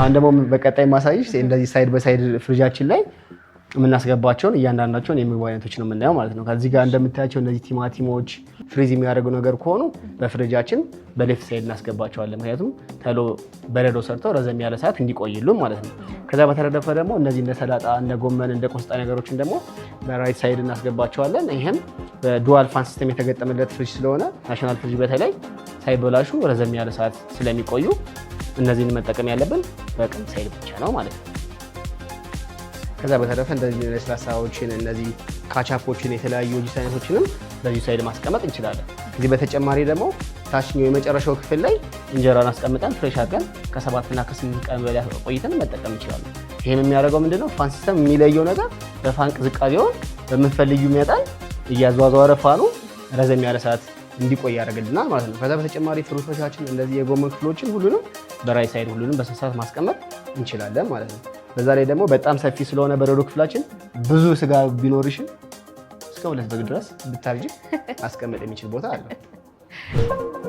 አሁን ደግሞ በቀጣይ ማሳይሽ እንደዚህ ሳይድ በሳይድ ፍሪጃችን ላይ የምናስገባቸውን እያንዳንዳቸውን የምግብ አይነቶች ነው የምናየው ማለት ነው። ከዚህ ጋር እንደምታያቸው እነዚህ ቲማቲሞች ፍሪዝ የሚያደርጉ ነገር ከሆኑ በፍሪጃችን በሌፍት ሳይድ እናስገባቸዋለን። ምክንያቱም ተሎ በረዶ ሰርተው ረዘም ያለ ሰዓት እንዲቆይሉን ማለት ነው። ከዛ በተረደፈ ደግሞ እነዚህ እንደ ሰላጣ፣ እንደ ጎመን፣ እንደ ቆስጣ ነገሮችን ደግሞ በራይት ሳይድ እናስገባቸዋለን። ይህም በዱዋል ፋን ሲስተም የተገጠመለት ፍሪጅ ስለሆነ ናሽናል ፍሪጅ በተለይ ሳይበላሹ ረዘም ያለ ሰዓት ስለሚቆዩ እነዚህን መጠቀም ያለብን በቀን ሳይል ብቻ ነው ማለት ነው። ከዛ በተረፈ እንደዚህ ለስላሳዎችን፣ እነዚህ ካቻፖችን፣ የተለያዩ ጁስ አይነቶችንም በዚህ ሳይድ ማስቀመጥ እንችላለን። ከዚህ በተጨማሪ ደግሞ ታችኛው የመጨረሻው ክፍል ላይ እንጀራን አስቀምጠን ፍሬሽ አድርገን ከሰባትና ከስምንት ቀን በላይ ቆይተን መጠቀም እንችላለን። ይህም የሚያደርገው ምንድነው ፋን ሲስተም የሚለየው ነገር በፋን ቅዝቃዜውን በምንፈልጊው መጠን እያዘዋዘዋረ ፋኑ ረዘም ያለ ሰዓት እንዲቆይ ያደርግልናል ማለት ነው። ከዛ በተጨማሪ ፍሩቶቻችን እንደዚህ የጎመን ክፍሎችን ሁሉንም በራይ ሳይድ ሁሉንም በስነስርዓት ማስቀመጥ እንችላለን ማለት ነው። በዛ ላይ ደግሞ በጣም ሰፊ ስለሆነ በረዶ ክፍላችን ብዙ ስጋ ቢኖርሽን እስከ ሁለት በግ ድረስ ብታርጅ ማስቀመጥ የሚችል ቦታ አለው።